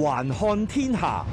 環看天下。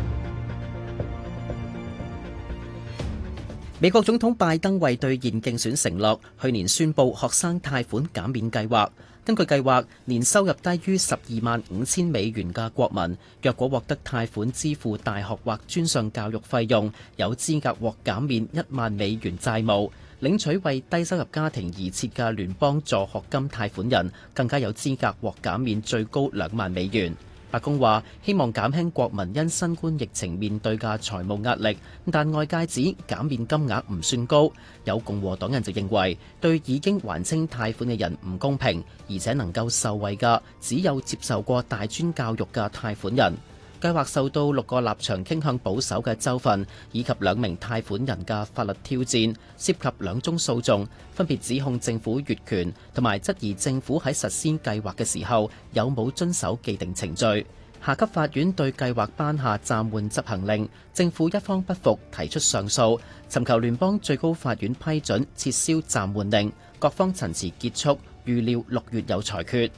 美國總統拜登為兌現競選承諾，去年宣布學生貸款減免計劃。根據計劃，年收入低於十二萬五千美元嘅國民，若果獲得貸款支付大學或專上教育費用，有資格獲減免一萬美元債務。領取為低收入家庭而設嘅聯邦助學金貸款人，更加有資格獲減免最高兩萬美元。白宮話希望減輕國民因新冠疫情面對嘅財務壓力，但外界指減免金額唔算高。有共和黨人就認為對已經還清貸款嘅人唔公平，而且能夠受惠嘅只有接受過大專教育嘅貸款人。計劃受到六個立場傾向保守嘅州份以及兩名貸款人嘅法律挑戰，涉及兩宗訴訟，分別指控政府越權，同埋質疑政府喺實施計劃嘅時候有冇遵守既定程序。下級法院對計劃頒下暫緩執行令，政府一方不服提出上訴，尋求聯邦最高法院批准撤銷暫緩令。各方陳詞結束，預料六月有裁決。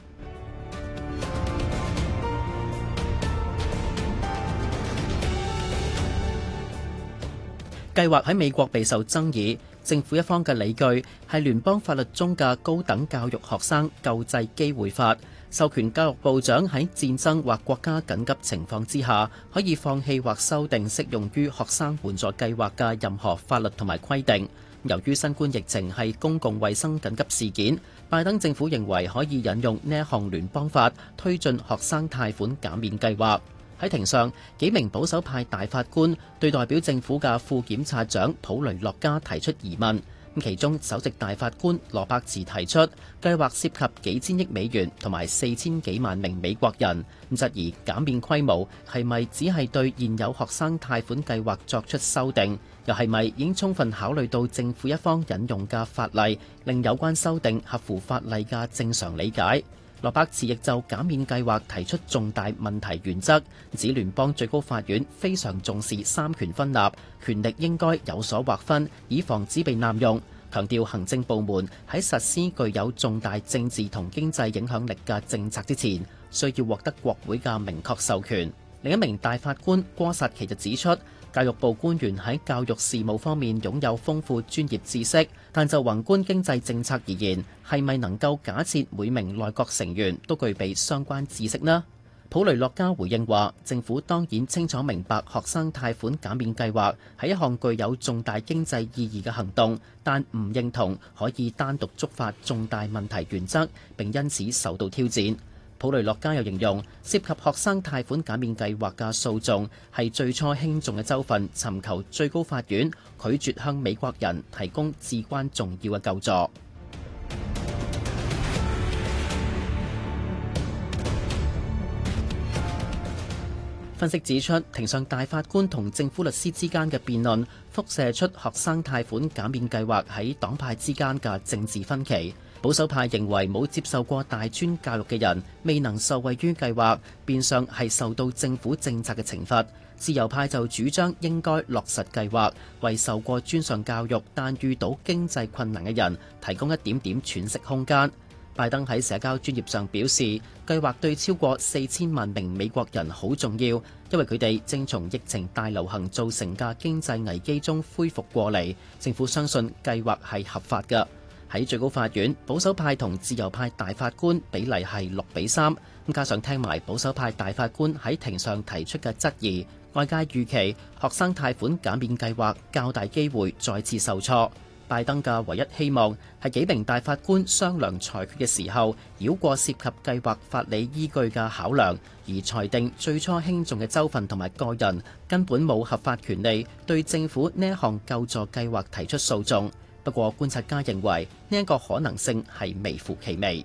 計劃喺美國備受爭議，政府一方嘅理據係聯邦法律中嘅高等教育學生救濟機會法，授權教育部長喺戰爭或國家緊急情況之下，可以放棄或修訂適用於學生援助計劃嘅任何法律同埋規定。由於新冠疫情係公共衛生緊急事件，拜登政府認為可以引用呢一項聯邦法推進學生貸款減免計劃。喺庭上，幾名保守派大法官對代表政府嘅副檢察長普雷洛加提出疑問。咁其中首席大法官羅伯茨提出，計劃涉及幾千億美元同埋四千幾萬名美國人，質疑減免規模係咪只係對現有學生貸款計劃作出修訂，又係咪已經充分考慮到政府一方引用嘅法例，令有關修訂合乎法例嘅正常理解。羅伯茨亦就減免計劃提出重大問題原則，指聯邦最高法院非常重視三權分立，權力應該有所劃分，以防止被濫用。強調行政部門喺實施具有重大政治同經濟影響力嘅政策之前，需要獲得國會嘅明確授權。另一名大法官戈薩奇就指出。教育部官員喺教育事務方面擁有豐富專業知識，但就宏觀經濟政策而言，係咪能夠假設每名內閣成員都具備相關知識呢？普雷洛加回應話，政府當然清楚明白學生貸款減免計劃，係一項具有重大經濟意義嘅行動，但唔認同可以單獨觸發重大問題原則，並因此受到挑戰。普雷洛加又形容涉及學生貸款減免計劃嘅訴訟係最初輕重嘅州份尋求最高法院拒絕向美國人提供至關重要嘅救助。分析指出，庭上大法官同政府律師之間嘅辯論，輻射出學生貸款減免計劃喺黨派之間嘅政治分歧。保守派認為冇接受過大專教育嘅人未能受惠於計劃，變相係受到政府政策嘅懲罰。自由派就主張應該落實計劃，為受過專上教育但遇到經濟困難嘅人提供一點點喘息空間。拜登喺社交專頁上表示，計劃對超過四千萬名美國人好重要，因為佢哋正從疫情大流行造成嘅經濟危機中恢復過嚟。政府相信計劃係合法嘅。喺最高法院，保守派同自由派大法官比例係六比三，加上聽埋保守派大法官喺庭上提出嘅質疑，外界預期學生貸款減免計劃較大機會再次受挫。拜登嘅唯一希望係幾名大法官商量裁決嘅時候繞過涉及計劃法理依據嘅考量，而裁定最初輕重嘅州份同埋個人根本冇合法權利對政府呢一項救助計劃提出訴訟。不過，觀察家認為呢一個可能性係微乎其微。